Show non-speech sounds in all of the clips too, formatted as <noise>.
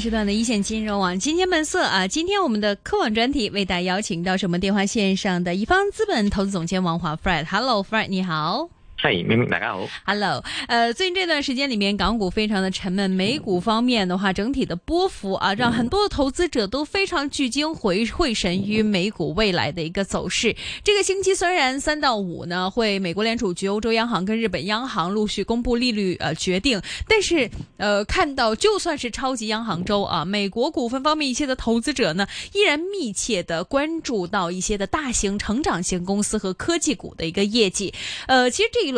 時段的一線金融網、啊、今天本色啊！今天我們的科網專題為大家邀請到是我們電話線上的一方資本投資總監王華 Fred，Hello Fred，你好。大家好，Hello，呃，最近這段時間裏面，港股非常的沉悶，美股方面的話，整體的波幅啊，讓很多的投資者都非常聚精會會神於美股未來的一個走勢。這個星期雖然三到五呢，會美國聯儲局、歐洲央行跟日本央行陸續公布利率呃決定，但是呃，看到就算是超級央行週啊，美國股份方面一些的投資者呢，依然密切的關注到一些的大型成長型公司和科技股的一個業績。呃，其實這一輪。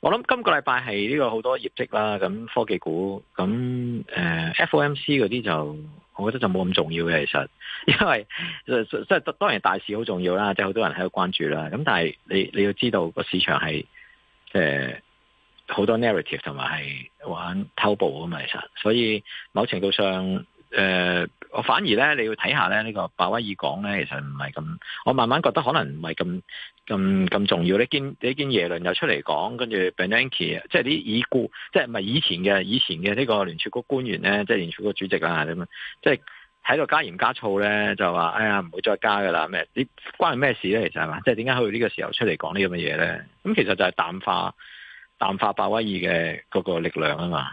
我諗今個禮拜係呢個好多業績啦，咁科技股，咁誒、呃、FOMC 嗰啲就，我覺得就冇咁重要嘅其實，因為即係當然大市好重要啦，即係好多人喺度關注啦。咁但係你你要知道個市場係，誒、呃、好多 narrative 同埋係玩偷步啊嘛，其實，所以某程度上，誒、呃、我反而咧你要睇下咧呢、這個鮑威爾講咧，其實唔係咁，我慢慢覺得可能唔係咁。咁咁重要呢見呢見耶倫又出嚟講，跟住 Bernanke，即係啲已故，即係唔係以前嘅以前嘅呢個聯儲局官員咧，即係聯儲局主席啊咁啊，即係喺度加鹽加醋咧，就話：哎呀，唔會再加噶啦咩？啲關係咩事咧？其實係嘛？即係點解去到呢個時候出嚟講呢咁嘅嘢咧？咁其實就係淡化淡化鮑威爾嘅嗰個力量啊嘛。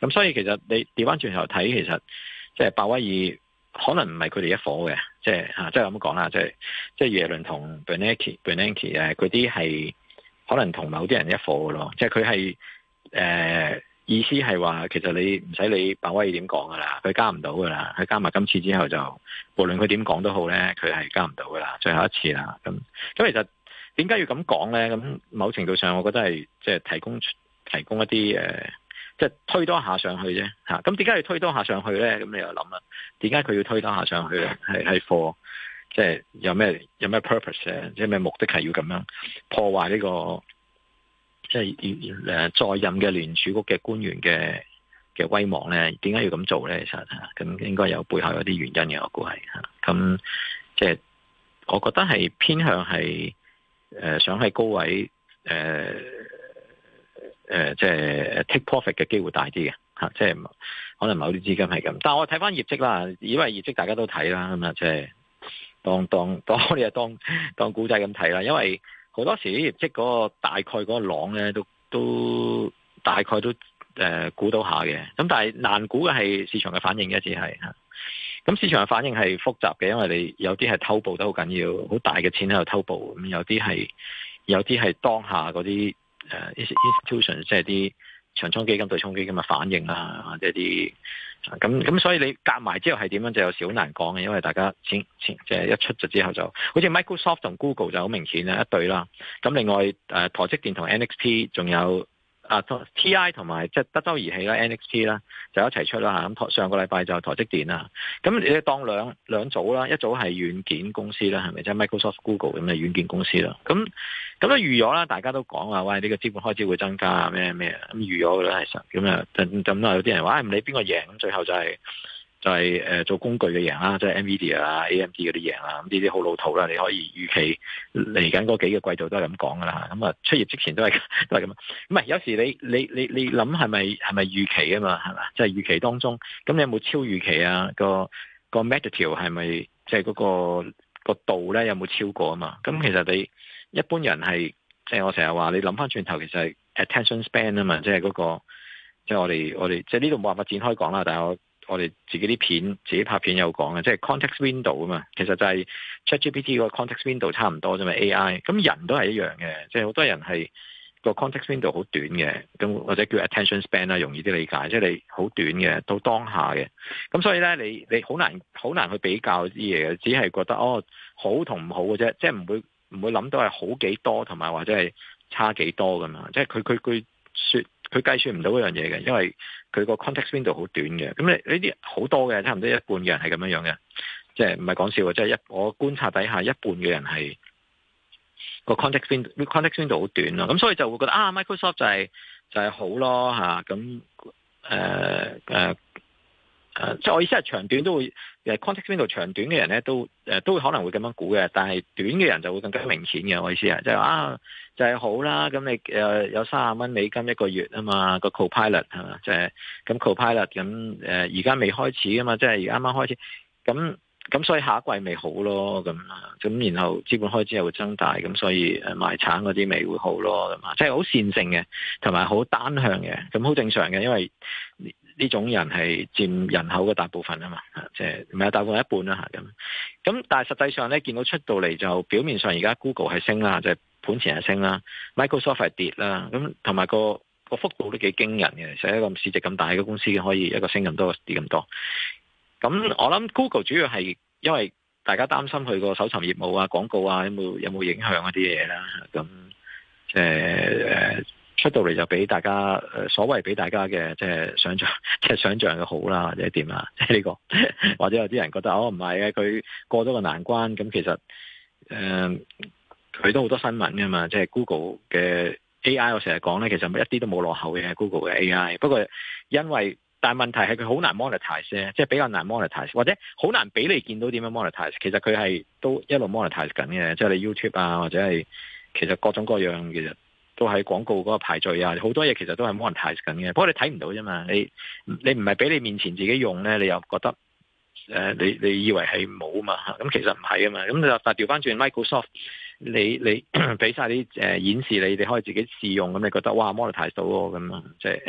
咁所以其實你調翻轉頭睇，其實即係鮑威爾。可能唔係佢哋一伙嘅，即係吓，即係咁講啦，即係即係耶倫同 Bernanke、Bernanke 誒，啲係可能同某啲人一伙嘅咯，即係佢係誒意思係話，其實你唔使理鮑威爾點講噶啦，佢加唔到噶啦，佢加埋今次之後就無論佢點講都好咧，佢係加唔到噶啦，最後一次啦。咁咁其實點解要咁講咧？咁某程度上，我覺得係即係提供提供一啲誒。呃即係推多下上去啫吓，咁點解要推多下上去咧？咁你又諗啦，點解佢要推多下上去咧？係係貨，即係有咩有咩 purpose 啊？即係咩目的係要咁樣破壞呢、這個即係誒在任嘅聯儲局嘅官員嘅嘅威望咧？點解要咁做咧？其實吓，咁應該有背後有啲原因嘅，我估係吓。咁即係我覺得係偏向係誒、呃、想喺高位誒。呃誒，即係、呃、就是、take profit 嘅機會大啲嘅吓，即、啊、係、就是、可能某啲資金係咁，但係我睇翻業績啦，以為業績大家都睇啦，咁啊即係當當當你啊當當古仔咁睇啦，因為好、就是、多時業績嗰、那個大概嗰個浪咧都都大概都誒、呃、估到下嘅，咁但係難估嘅係市場嘅反應嘅只係吓，咁、啊、市場嘅反應係複雜嘅，因為你有啲係偷步得好緊要，好大嘅錢喺度偷步，咁有啲係有啲係當下嗰啲。誒、uh，institution 即係啲長倉基金對沖基金嘅反應啦、啊，或者啲咁咁，所以你夾埋之後係點樣就有少難講嘅，因為大家前前即係、就是、一出咗之後就，好就好似 Microsoft 同 Google 就好明顯啦一對啦，咁另外誒，台、啊、積電同 NXP 仲有。啊，T I 同埋即係德州儀器啦，N X T 啦就一齊出啦，咁台上個禮拜就台積電啦，咁你當兩兩組啦，一組係軟件公司啦，係咪即係 Microsoft、就是、Microsoft, Google 咁嘅軟件公司啦？咁咁咧預咗啦，大家都講話，喂呢個資本開支會增加咩咩咁預咗嘅啦係神咁啊，咁啊有啲人話，唉唔理邊個贏咁最後就係、是。就係誒做工具嘅嘢啦，即係 NVIDIA 啊、AMD 嗰啲嘢啦，咁呢啲好老土啦。你可以預期嚟緊嗰幾個季度都係咁講噶啦，咁啊出業之前都係都係咁樣。唔係有時你你你你諗係咪係咪預期啊嘛，係嘛？即係預期當中，咁你有冇超預期啊？嗰個、嗰個 material 係咪即係嗰個度咧、嗰個嗰個、有冇超過啊嘛？咁其實你一般人係即係我成日話你諗翻轉頭，其實係 attention span 啊嘛，即係嗰個即係、即係、我哋我哋即係呢度冇辦法展開講啦，但係我。我哋自己啲片，自己拍片有講嘅，即係 context window 啊嘛，其實就係 ChatGPT 個 context window 差唔多啫嘛 AI，咁人都係一樣嘅，即係好多人係個 context window 好短嘅，咁或者叫 attention span 啦，容易啲理解，即係你好短嘅，到當下嘅，咁所以咧，你你好難好難去比較啲嘢嘅，只係覺得哦，好同唔好嘅啫，即係唔會唔會諗到係好幾多同埋或者係差幾多咁樣，即係佢佢佢説。佢計算唔到嗰樣嘢嘅，因為佢個 context window 好短嘅。咁你呢啲好多嘅，差唔多一半嘅人係咁樣樣嘅，即係唔係講笑，即係一我觀察底下一半嘅人係個 context window context window 好短啊。咁所以就會覺得啊，Microsoft 就係就係好咯吓，咁誒、呃呃誒，即係我意思係長短都會誒 context window 長短嘅人咧都、呃、都會可能會咁樣估嘅，但係短嘅人就會更加明顯嘅。我意思係，就係啊，就係好啦，咁你誒、呃、有卅蚊美金一個月啊嘛，個 copilot 係嘛，就係咁 copilot 咁誒，而家未開始啊嘛，即係而家啱啱開始，咁咁所以下一季咪好咯，咁咁然後資本開支又會增大，咁所以誒賣產嗰啲咪會好咯，咁啊，即係好線性嘅，同埋好單向嘅，咁好正常嘅，因為。呢種人係佔人口嘅大部分啊嘛，即係唔係有大部分一半啦嚇咁。咁但係實際上咧，見到出到嚟就表面上而家 Google 係升啦，即係盤前係升啦，Microsoft 係跌啦。咁同埋個個幅度都幾驚人嘅，成一個市值咁大嘅公司可以一個升咁多，一個跌咁多。咁我諗 Google 主要係因為大家擔心佢個搜尋業務啊、廣告啊有冇有冇影響一啲嘢啦。咁即係出到嚟就俾大家，呃、所謂俾大家嘅即係想象，即係想象嘅好啦，或者點啦，即係呢個，或者有啲人覺得哦，唔係呀，佢過咗個難關，咁其實誒佢、呃、都好多新聞㗎嘛，即係 Google 嘅 AI 我成日講咧，其實一啲都冇落後嘅 Google 嘅 AI。不過因為，但問題係佢好難 monetize，即係比較難 monetize，或者好難俾你見到點樣 monetize。其實佢係都一路 monetize 緊嘅，即係你 YouTube 啊，或者係其實各種各樣其實。都係廣告嗰個排序啊，好多嘢其實都係 monetize 緊嘅，不過你睇唔到啫嘛。你你唔係俾你面前自己用咧，你又覺得誒、呃，你你以為係冇嘛？咁其實唔係啊嘛。咁你就但調翻轉 Microsoft，你你俾曬啲誒演示你，你哋可以自己試用咁，你覺得哇 monetize 到喎咁啊，即係、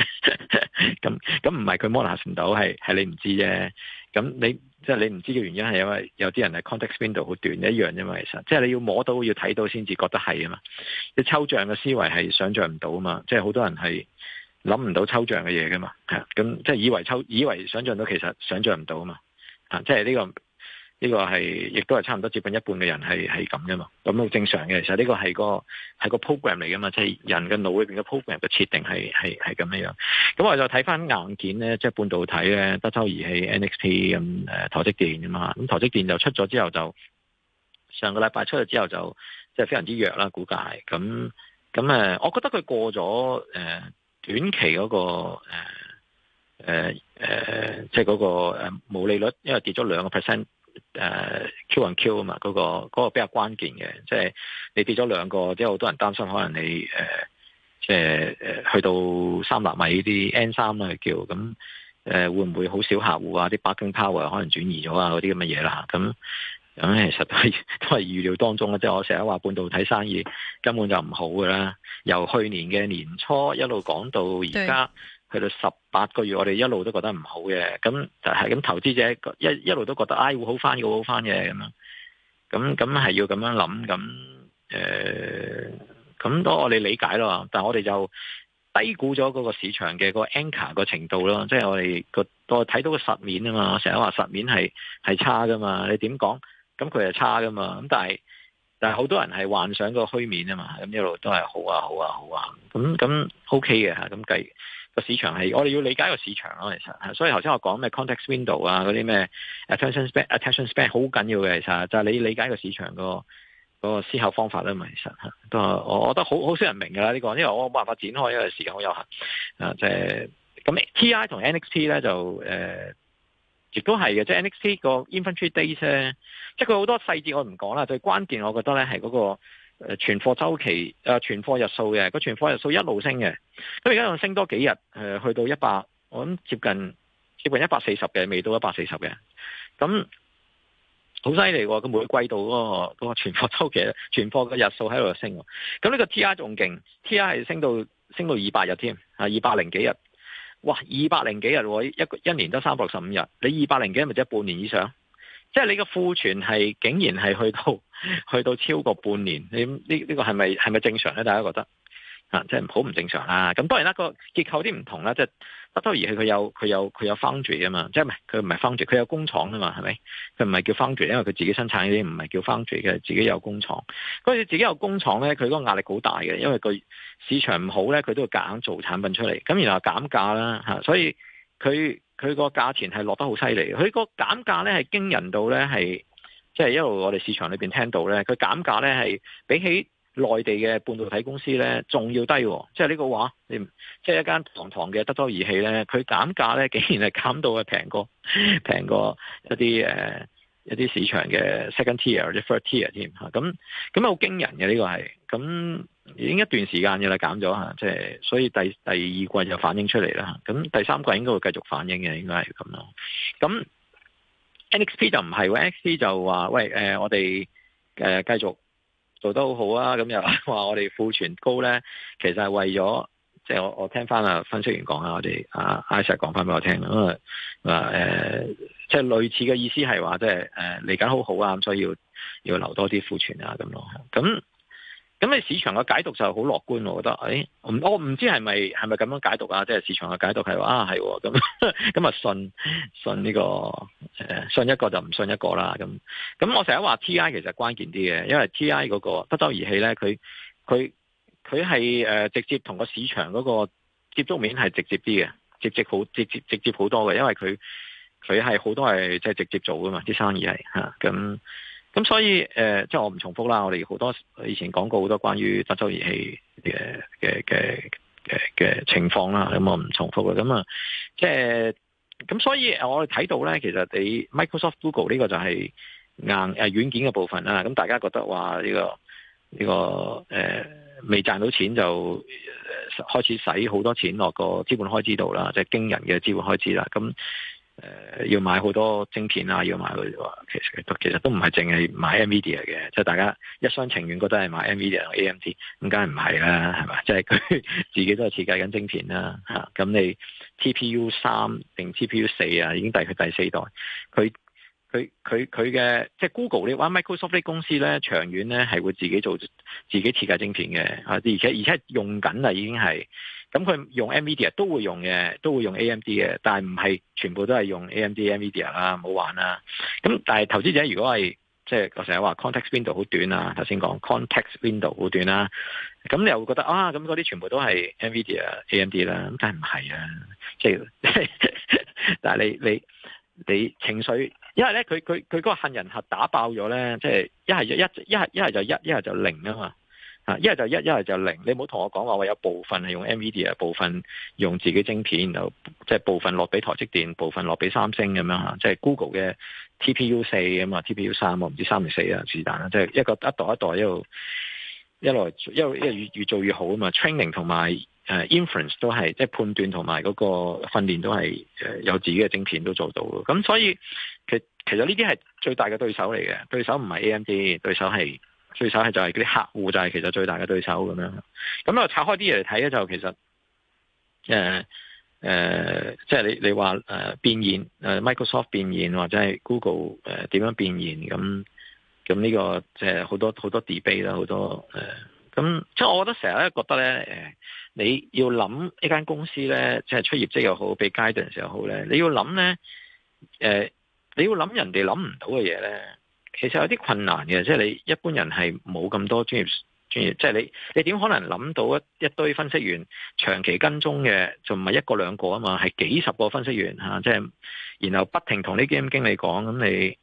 就、咁、是、咁唔 <laughs> 係、嗯、佢、嗯、monetize 唔到，係係你唔知啫。咁、嗯、你。即係你唔知嘅原因係因為有啲人係 context window 好短一樣啫嘛，其實即係你要摸到要睇到先至覺得係啊嘛，你抽象嘅思維係想像唔到啊嘛，即係好多人係諗唔到抽象嘅嘢噶嘛，係啊，咁即係以為抽以為想像到其實想像唔到啊嘛，啊，即係呢個。呢個係亦都係差唔多接近一半嘅人係係咁嘅嘛，咁好正常嘅。其實呢個係個係個 program 嚟嘅嘛，即係人嘅腦裏邊嘅 program 嘅設定係係係咁樣。咁我哋就睇翻硬件咧，即係半導體咧、德州儀器、NXP 咁誒台積電啊嘛。咁台積電就出咗之後，就上個禮拜出咗之後就即係非常之弱啦，估計。咁咁誒，我覺得佢過咗誒、呃、短期嗰個誒誒即係嗰個誒毛利率，因為跌咗兩個 percent。誒、uh,，Q and Q 啊嘛，嗰、那個、那個比較關鍵嘅，即、就、係、是、你跌咗兩個，即係好多人擔心，可能你誒，即係誒，去到三納米呢啲 N 三啦，叫咁誒、呃，會唔會好少客戶啊？啲北京 power 可能轉移咗啊，嗰啲咁嘅嘢啦，咁咁、呃、其實都係都係預料當中啦。即、就、係、是、我成日話半導體生意根本就唔好噶啦，由去年嘅年初一路講到而家。去到十八個月，我哋一路都覺得唔好嘅，咁但係咁投資者一一路都覺得，哎會好翻，會好翻嘅咁，咁咁係要咁樣諗，咁誒咁我我哋理解咯，但係我哋就低估咗嗰個市場嘅個 anchor 個程度咯，即係我哋個我睇到個實面啊嘛，成日話實面係係差噶嘛，你點講，咁佢係差噶嘛，咁但係但係好多人係幻想個虛面啊嘛，咁一路都係好啊好啊好啊，咁咁、啊啊、OK 嘅咁計。市個市場係，我哋要理解個市場咯，其實，所以頭先我講咩 context window 啊，嗰啲咩 attention span，attention span 好緊要嘅，其實就係、係、你理解個市場個嗰、嗰個思考方法啦，咪其實嚇，我我都我覺得好好少人明㗎啦呢個，因為我冇辦法展開，因為時間好有限啊。即係咁，T I 同 N X T 咧就誒，亦都係嘅，即係 N X T 個 inventory days 咧，即係佢好多細節我唔講啦，最關鍵我覺得咧係嗰個。誒，存貨週期誒，存貨日數嘅，個存貨日數一路升嘅，咁而家又升多幾日，誒，去到一百，我諗接近接近一百四十嘅，未到一百四十嘅，咁好犀利喎，佢每季度嗰個嗰個存貨週期，存貨嘅日數喺度升，咁呢個 T I 仲勁，T I 係升到升到二百日添，啊，二百零幾日，哇，二百零幾日，一一年得三百六十五日，你二百零幾日咪即係半年以上？即係你個庫存係竟然係去到去到超過半年，你呢呢、這個係咪係咪正常咧？大家覺得啊，即係好唔正常啦。咁當然啦，個結構有啲唔同啦，即係不多而係佢有佢有佢有 foundry 啊嘛，即係唔係佢唔係 foundry，佢有工廠啊嘛，係咪？佢唔係叫 foundry 因為佢自己生產呢啲唔係叫 foundry 嘅，自己有工廠。佢自己有工廠咧，佢嗰個壓力好大嘅，因為佢市場唔好咧，佢都要夾硬做產品出嚟，咁然後減價啦吓，啊，所以佢。佢個價錢係落得好犀利，佢個減價呢係驚人到呢，係，即係一路我哋市場裏邊聽到呢。佢減價呢係比起內地嘅半導體公司呢仲要低，即係呢個話，你即係一間堂堂嘅德州儀器呢，佢減價呢竟然係減到係平過平過一啲誒。一啲市場嘅 second tier 或者 third tier 添，咁咁好驚人嘅呢、呢個係，咁已經一段時間嘅啦，減咗嚇，即係、就是、所以第第二季就反映出嚟啦，咁第三季應該會繼續反映嘅，應該係咁咯。咁 NXP 就唔係喎，NXP 就話喂，誒、呃，我哋誒繼續做得好好啊，咁又話我哋庫存高咧，其實係為咗即係我我聽翻啊分析員講啊，我哋啊 Ish 講翻俾我聽因為、呃呃即係類似嘅意思係話，即係誒嚟緊好好啊，所以要要留多啲庫存啊咁咯。咁咁市場嘅解讀就好樂觀，我覺得，誒、哎，我唔知係咪係咪咁樣解讀啊？即係市場嘅解讀係話，啊，係咁咁啊，信信呢個誒，信一個就唔信一個啦。咁咁我成日話 T I 其實關鍵啲嘅，因為 T I 嗰個德州儀器咧，佢佢佢係誒直接同個市場嗰個接觸面係直接啲嘅，直接好直接直接好多嘅，因為佢。佢係好多係即係直接做噶嘛，啲生意係嚇，咁咁所以誒、呃，即係我唔重複啦。我哋好多以前講過好多關於德州儀器嘅嘅嘅嘅嘅情況啦，咁我唔重複啦。咁啊，即係咁，呃、所以我哋睇到咧，其實你 Microsoft、Google 呢個就係硬誒、呃、軟件嘅部分啦。咁大家覺得話呢、這個呢、這個誒未賺到錢就開始使好多錢落個資本開支度啦，即係驚人嘅資本開支啦，咁。誒、呃、要買好多晶片啊，要買佢哋其，其實都其實都唔係淨係買 NVIDIA 嘅，即、就、係、是、大家一廂情願覺得係買 NVIDIA，AMD 咁梗係唔係啦，係嘛？即係佢自己都係設計緊晶片啦、啊、嚇，咁、嗯、你 TPU 三定 TPU 四啊，已經第佢第四代，佢。佢佢佢嘅即係、就是、Google 你玩 Microsoft 公司咧，長遠咧係會自己做自己設計晶片嘅，而且而且用緊啦，已經係咁，佢用 NVIDIA 都會用嘅，都會用 AMD 嘅，但係唔係全部都係用 AMD NVIDIA 啦、啊，唔好玩啦。咁但係投資者如果係，即係我成日話 context window 好短啊，頭先講 context window 好短啦、啊，咁你又會覺得啊，咁嗰啲全部都係 NVIDIA AMD 啦，咁但係唔係啊，即、就、係、是、 <laughs> 但係你你。你你情緒，因為咧佢佢佢嗰個杏仁核打爆咗咧，即係一係一一一係一係就是、一，一係就零啊嘛嚇，一係就一，一係就零。啊、你唔好同我講話，我有部分係用 NVIDIA 部分用自己晶片，然後就即係部分落俾台積電，部分落俾三星咁樣嚇，即、就、係、是、Google 嘅 TPU 四啊嘛，TPU 三啊唔知三定四啊是但啦，即係、就是、一個一代一代一路一路一路越越，越做越好啊嘛，training 同埋。誒、uh, inference 都係即係判斷同埋嗰個訓練都係誒、呃、有自己嘅晶片都做到，咁所以其其實呢啲係最大嘅對手嚟嘅，對手唔係 AMD，對手係對手係就係嗰啲客戶，就係其實最大嘅對手咁樣。咁啊拆開啲嘢嚟睇咧，就其實誒誒，即、呃、係、呃就是、你你話誒、呃、變現、呃、Microsoft 變現或者係 Google 點、呃、點樣變現咁咁呢個即係好多好多 debate 啦，好多誒。咁即係我覺得成日咧覺得咧，誒、呃，你要諗呢間公司咧，即係出業績又好，俾 guidance 又好咧，你要諗咧，誒、呃，你要諗人哋諗唔到嘅嘢咧，其實有啲困難嘅，即係你一般人係冇咁多專業專業，即係你你點可能諗到一一堆分析員長期跟蹤嘅，就唔係一個兩個啊嘛，係幾十個分析員吓、啊，即係然後不停同啲基金經理講，咁你。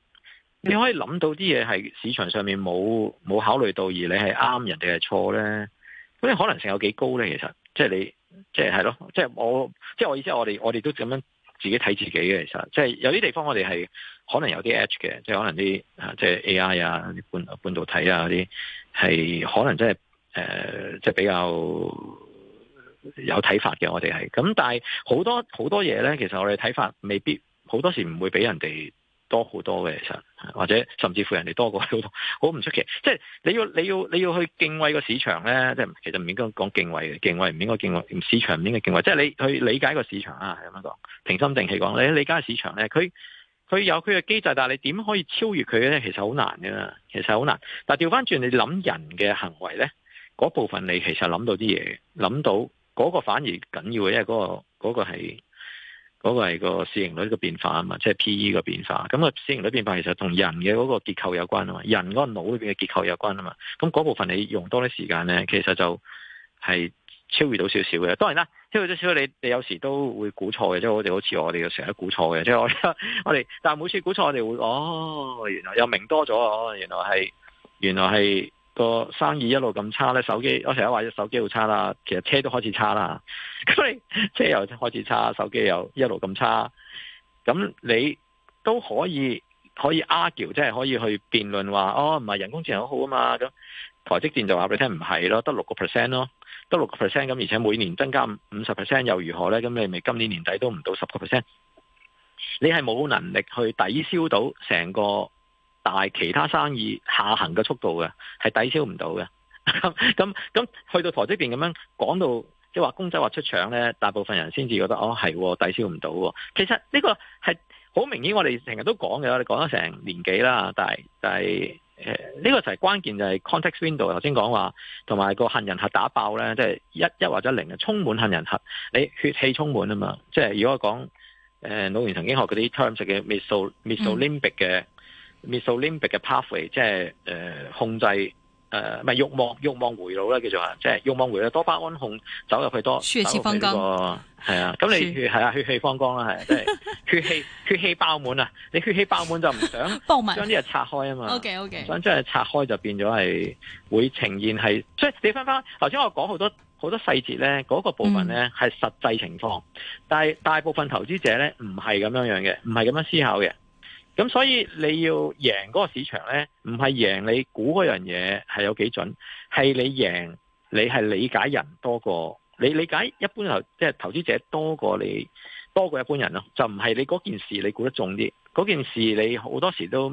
你可以諗到啲嘢係市場上面冇冇考慮到，而你係啱，人哋係錯咧，咁啲可能性有幾高咧？其實，即係你，即係係咯，即係我，即係我意思我，我哋我哋都咁樣自己睇自己嘅。其實，即係有啲地方我哋係可能有啲 edge 嘅，即係可能啲即係 AI 啊，半半導體啊啲係可能真係誒，即係比較有睇法嘅。我哋係咁，但係好多好多嘢咧，其實我哋睇法未必好多時唔會俾人哋多好多嘅，其實或者甚至乎人哋多過好多，好唔出奇。即係你要你要你要去敬畏個市場咧，即係其實唔應該講敬畏嘅，敬畏唔應該敬畏，市場唔應該敬畏。即係你去理解個市場啊，係咁樣講，平心定氣講，你理解市場咧，佢佢有佢嘅機制，但係你點可以超越佢咧？其實好難嘅啦，其實好難。但係調翻轉你諗人嘅行為咧，嗰部分你其實諗到啲嘢，諗到嗰個反而緊要嘅，因為嗰個嗰個係嗰個係個市盈率嘅變化啊嘛，即係 PE 嘅變化。咁個市盈率變化其實同人嘅嗰個結構有關啊嘛，人嗰個腦裏邊嘅結構有關啊嘛。咁嗰部分你用多啲時間咧，其實就係超越到少少嘅。當然啦，超越咗少少，你你有時都會估錯嘅。即係我哋好似我哋又成日估錯嘅。即係我我哋，但係每次估錯我，我哋會哦，原來又明多咗哦，原來係原來係。個生意一路咁差咧，手機我成日話隻手機好差啦，其實車都開始差啦，咁你車又開始差，手機又一路咁差，咁你都可以可以 argue，即係可以去辯論話哦，唔係人工智能好啊嘛，咁台積電就話俾你聽唔係咯，得六個 percent 咯，得六個 percent，咁而且每年增加五十 percent 又如何咧？咁你咪今年年底都唔到十個 percent，你係冇能力去抵消到成個。但係其他生意下行嘅速度嘅，係抵消唔到嘅。咁 <laughs> 咁去到台積電咁樣講到，即係話公仔話出場咧，大部分人先至覺得哦係抵消唔到。其實呢個係好明顯我哋都嘅，我哋成日都講嘅，我哋講咗成年幾啦。但係但係誒，呢、呃呢個就係關鍵就係 context window 頭先講話，同埋個杏仁核打爆咧，即、就、係、係、一一或者零啊，充滿杏仁核，你血氣充滿啊嘛。即係如果我講誒，腦神經學嗰啲 terms 嘅 meso、mesolimbic 嘅。mesolimbic 嘅 pathway，即係誒、呃、控制誒唔係欲望欲望回路啦，叫做話即係欲望回路啦。多巴胺控走入去多血氣方剛，係、那個、啊，咁你係啊，是血氣方剛啦，係真係血氣血氣爆滿啊！ <laughs> 你血氣爆滿就唔想將啲嘢拆開啊嘛。O K O K，想將佢拆開就變咗係會呈現係即係你翻翻頭先我講好多好多細節咧，嗰、那個部分咧係、嗯、實際情況，但係大部分投資者咧唔係咁樣樣嘅，唔係咁樣思考嘅。咁所以你要贏嗰個市場咧，唔係贏你估嗰樣嘢係有幾準，係你贏，你係理解人多過你理解一般投即係投資者多過你多過一般人咯，就唔係你嗰件事你估得重啲，嗰件事你好多時都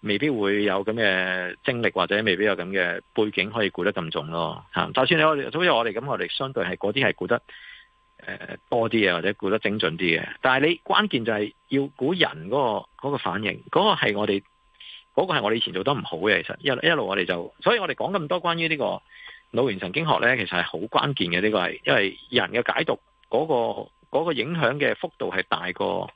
未必會有咁嘅精力或者未必有咁嘅背景可以估得咁重咯嚇。就算你我，好似我哋咁，我哋相對係嗰啲係估得。誒多啲嘅，或者估得精準啲嘅。但係你關鍵就係要估人嗰個嗰個反應，嗰個係我哋嗰個係我哋以前做得唔好嘅。其實一一路我哋就，所以我哋講咁多關於呢個腦型神經學咧，其實係好關鍵嘅。呢個係因為人嘅解讀嗰個嗰個影響嘅幅度係大過，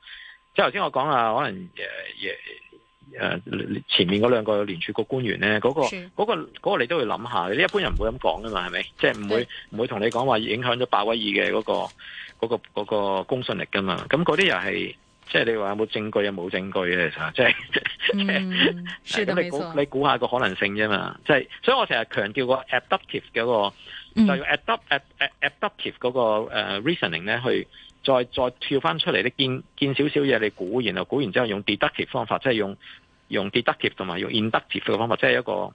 即係頭先我講啊，可能、呃呃誒前面嗰兩個聯儲局官員咧，嗰、那個嗰是、那個那個、你都要諗下，你一般人唔會咁講噶嘛，係咪？即係唔會唔是會同你講話影響咗鮑威爾嘅嗰個嗰、那個那個、公信力噶嘛？咁嗰啲又係即係你話有冇證據啊？冇證據嘅其實即係，你估你估下個可能性啫嘛。即、就、係、是、所以我成日強調個 adaptive 嘅、那個，就用 adaptive a d 嗰個、uh, reasoning 咧去。再再跳翻出嚟，你見見少少嘢，你估，然後估完之後用跌得 e 方法，即係用用跌得 e 同埋用 i 得 e 嘅方法，即係一個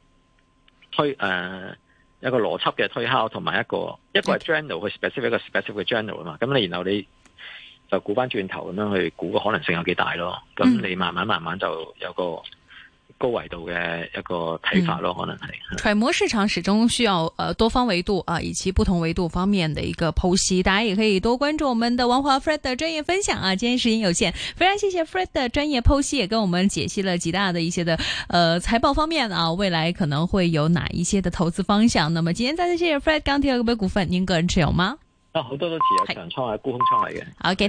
推誒、呃、一個邏輯嘅推敲，同埋一個一個係 j o n r n a l 去 specific 一個 specific 嘅 j o n r n a l 啊嘛。咁你然後你就估翻轉頭咁樣去估個可能性有幾大咯。咁、嗯、你慢慢慢慢就有個。高維度嘅一個睇法咯，嗯、可能係揣摩市場始終需要誒、呃、多方維度啊、呃，以及不同維度方面的一個剖析。大家也可以多關注我們的王華 Fred 的專業分享啊。今天時間有限，非常謝謝 Fred 的專業剖析，也跟我們解析了幾大的一些的誒、呃、財報方面啊，未來可能會有哪一些的投資方向。那麼今天再次謝謝 Fred 剛提嗰啲股份，您個人持有嗎？啊，好多都持有，長倉啊，固倉來源。O Okay , K。